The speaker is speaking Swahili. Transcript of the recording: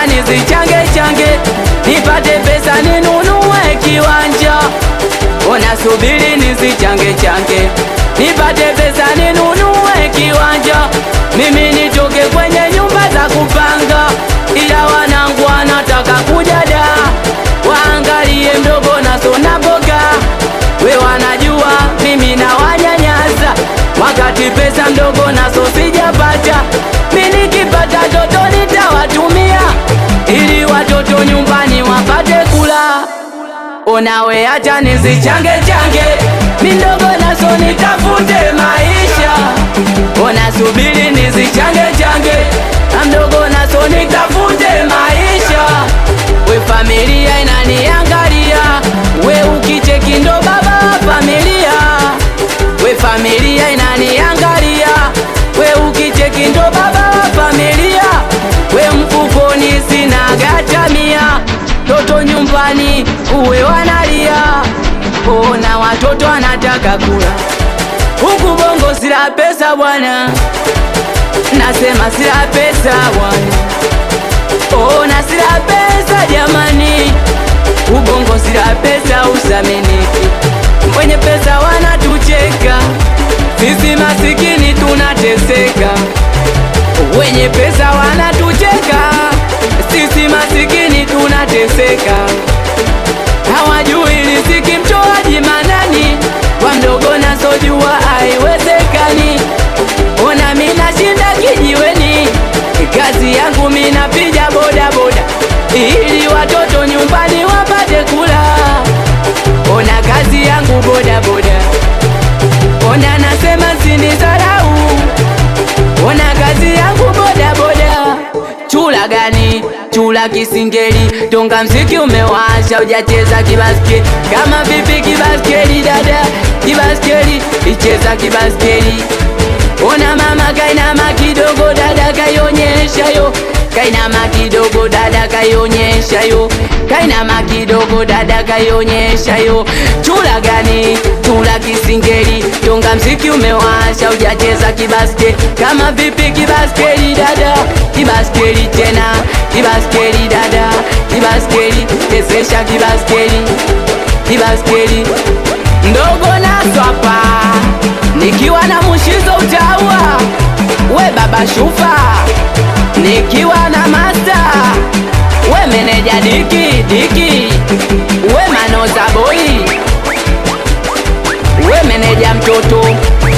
Wacha nizichange change, nipate pesa ninunue kiwanja. Unasubiri nizichange change, nipate pesa ninunue kiwanja. Mimi nitoke kwenye nyumba za kupanga, ila wanangu wanataka kujada, waangalie mdogo naso boga We wanajua mimi na wanyanyasa, wakati pesa mdogo naso sijapata, mimi nikipata dodoni Unawe acha nizichange change, mindogo nazo nitafute maisha. Unasubiri nizichange change, amdogo nazo nitafute maisha. We familia inaniangalia, we ukicheki ndo baba familia, we familia uwe wanalia, ona watoto anataka kula, huku bongo sila pesa bwana, nasema sila pesa bwana, ona sila pesa jamani, ubongo sila pesa usaminiki, mwenye pesa wanatucheka sisi masikini tunateseka, wenye pesa wanatucheka sisi masikini tunateseka. ninapiga boda boda ili watoto nyumbani wapate kula. Ona kazi yangu boda boda, ona nasema sarau. ona kazi yangu boda boda. Chula gani chula kisingeli, tonga mziki umewasha, ujateza kibaskeli kama vipi? Kibaskeli dada, kibaskeli icheza kibaskeli. Ona mama kainama kidogo, dada kayonyesha yo kainama kidogo dada kaionyesha yo, kainama kidogo dada kaionyesha yo. Chula gani chula kisingeli, tonga mziki umewasha, ujacheza kibaskeli kama vipi? Kibaskeli dada, kibaskeli tena, kibaskeli dada, kibaskeli kesesha, kibaskeli kibaskeli ukiwa na masta we meneja diki diki we manoza boy we meneja mtoto